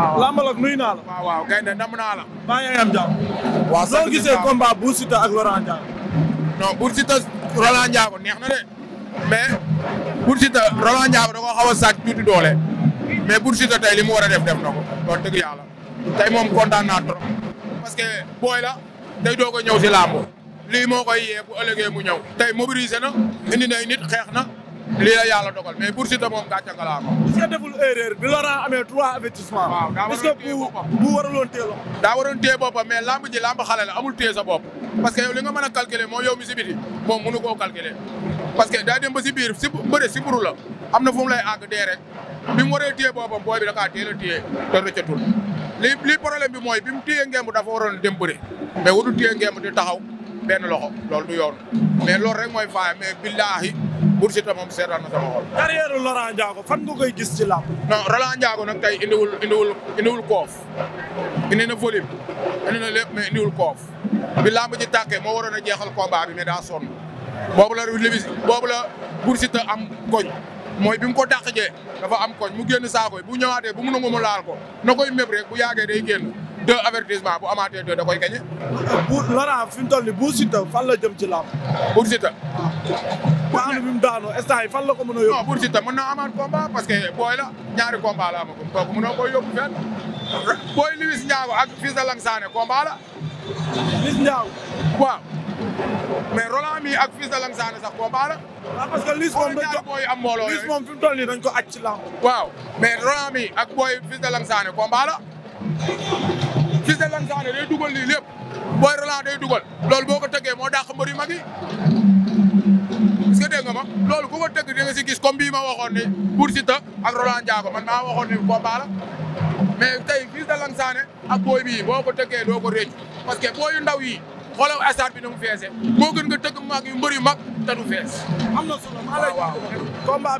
waaw Lambalog nuyu naa la. waaw waaw gaynde namm naa la. maa ngi am jàmm. waaw soo gisee combat Bou Siteu ak Laurent Ndiago. non Bou Siteu Laurent Ndiago neex na de mais Bou Siteu Laurent Ndiago da koo xaw a sàcc doole mais Bou Siteu tey li mu war a def def na ko wax dëgg yàlla tey moom kontaan naa trop. parce booy la day doog ñëw si làmb lii moo koy mu ñëw. tey mobilisé na indi nay xeex na. lii la yàlla dogal mais Bou Siteu moom gàcce nga laa ko. est-ce que deful erreur bi Laurent amee trois avertissement. waaw daa waroon téye boppam daa waroon téye boppam mais lamb ji lamb amul téye sa bopp parce yow li nga mën a calculer moo yow mi si moom mënu koo calculer. daa dem ba bëre si am na fu lay àgg dee rek bi mu waree téye boppam booy bi da téye la téye te rëccatul li li bi mooy bi mu téye ngemb dafa waroon dem bëre mais wutu téye ngemb di taxaw benn loxo loolu du yoon mais Bou Siteu moom seetaan na sama xol. carrière Laurent fan nga ko gis ci làmb. non Laurent Ndiago nag tey indiwul indiwul indiwul koof indi na volume indi na lépp mais indiwul koof bi làmb ji tàkkee moo waroon a jeexal combat bi me daa son boobu la libi boobu la Bou am koñ mooy bi mu ko dàq jee dafa am koñ mu génn saako yi bu ñëwaatee bu mu nangu mu laal ko na koy méb rek bu yàggee day génn. deux avertissement bu amaatee deux koy gagné. bu Laurent fi mu toll nii Bou Siteu fan la jëm ci làmb. Bou Siteu. daanu bi daanu instant yi fan la ko mën a yóbbu. non Bou Siteu mën naa amaat combat parce que booy la ñaari combat la amagum ak fils de Lang Sané combat la. Liss Ndiago. waaw mais Roland mi ak fils de Lang Sané ah, dañ ko ak booy fils de Cissé Lan Sané day dugal lii lépp booy Roland day dugal lool boo ko tëggee moo dàq mbër yu mag yi est-ce que ma loolu ku ko tëgg da nga si gis comme bii ma waxoon ne pour Siteu ak Roland Ndiago man maa waxoon ne combat la mais tey Fils de ak booy bii boo ko tëggee doo ko réccu parce que booyu ndaw yi xoolal stade bi nu mu feesee moo gën nga tëgg mag yu mbër yu mag te du fees. am